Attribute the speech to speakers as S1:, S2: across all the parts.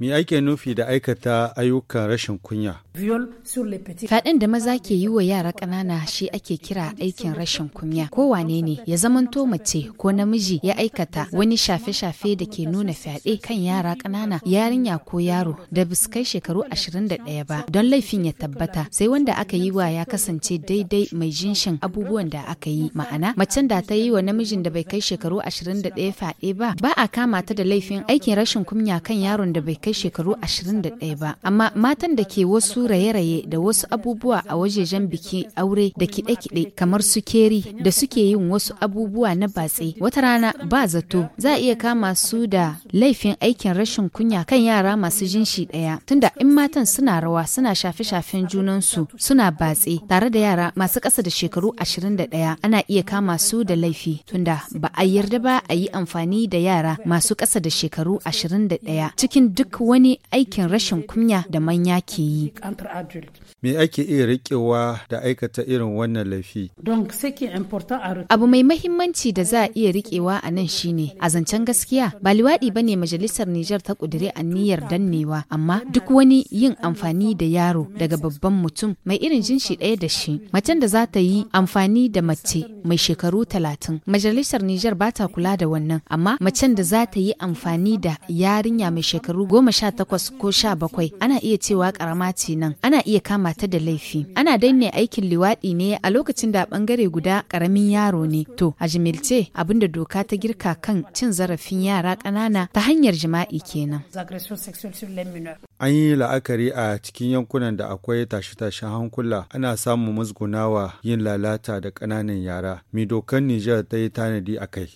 S1: mi ake nufi da aikata ayyukan rashin kunya?
S2: Fadin da maza ke yi wa yara ƙanana shi ake kira aikin rashin kunya. Kowane ne ya zamanto mace ko namiji ya aikata wani shafe-shafe da ke nuna fyaɗe kan yara ƙanana yarinya ko yaro da bisu kai shekaru 21 ba don laifin ya tabbata sai wanda aka yi wa ya kasance daidai mai jinshin abubuwan da aka yi ma'ana macen da ta yi wa namijin da bai kai shekaru 21 fyaɗe ba ba a kama ta da laifin aikin rashin kunya kan yaron da bai kai shekaru 21 ba, amma matan da ke wasu raye-raye da wasu abubuwa a wajejen biki aure da kiɗe-kiɗe kamar su keri da suke yin wasu abubuwa na batse wata rana ba zato za a iya kama su da laifin aikin rashin kunya kan yara masu jinshi ɗaya tunda in matan suna rawa suna shafe-shafen junansu suna batse tare da yara masu ƙasa da shekaru 21 ana iya kama su da laifi tunda ba a yarda ba a yi amfani da yara masu ƙasa da shekaru 21 cikin duk duk wani aikin rashin kunya da manya ke yi.
S1: Me ake iya riƙewa da aikata irin wannan laifi?
S2: Abu mai mahimmanci da za a iya riƙewa a nan shine a zancen gaskiya ba liwaɗi ba ne majalisar Nijar ta ƙudiri niyyar dannewa amma duk wani yin amfani da yaro daga babban mutum mai irin jinshi ɗaya da shi macen da za ta yi amfani da mace mai shekaru talatin majalisar Nijar ba ta kula da wannan amma macen da za ta yi amfani da yarinya mai shekaru goma goma sha takwas ko sha bakwai ana iya cewa karama ce nan ana iya kama ta da laifi ana danne aikin liwaɗi ne a lokacin da bangare guda karamin yaro ne to a jimilce abinda doka ta girka kan cin zarafin yara ƙanana ta hanyar jima'i kenan
S1: an yi la'akari a cikin yankunan da akwai tashe-tashen hankula ana samun musgunawa yin lalata da ƙananan yara mi dokan nijar ta yi tanadi a kai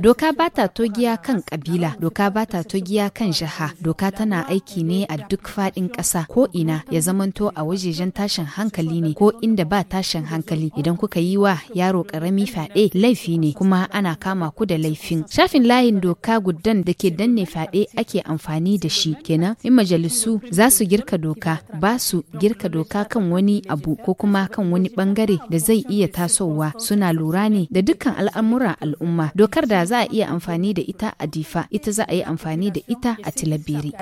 S2: doka ba ta togiya kan kabila doka ba ta togiya kan jiha doka tana aiki ne a duk faɗin ƙasa ko ina ya zamanto a wajejen tashin hankali ne ko inda ba tashin hankali idan kuka yi wa yaro ƙarami fyaɗe laifi ne kuma ana kama ku da laifin shafin layin doka guddan da ke danne fyaɗe ake amfani da shi kenan in majalisu za su girka doka ba su girka doka kan wani abu ko kuma kan wani bangare da zai iya tasowa suna lura ne da dukkan al'amuran al'umma dokar da za a iya amfani da ita a difa ita za a yi amfani da ita a tilabiri.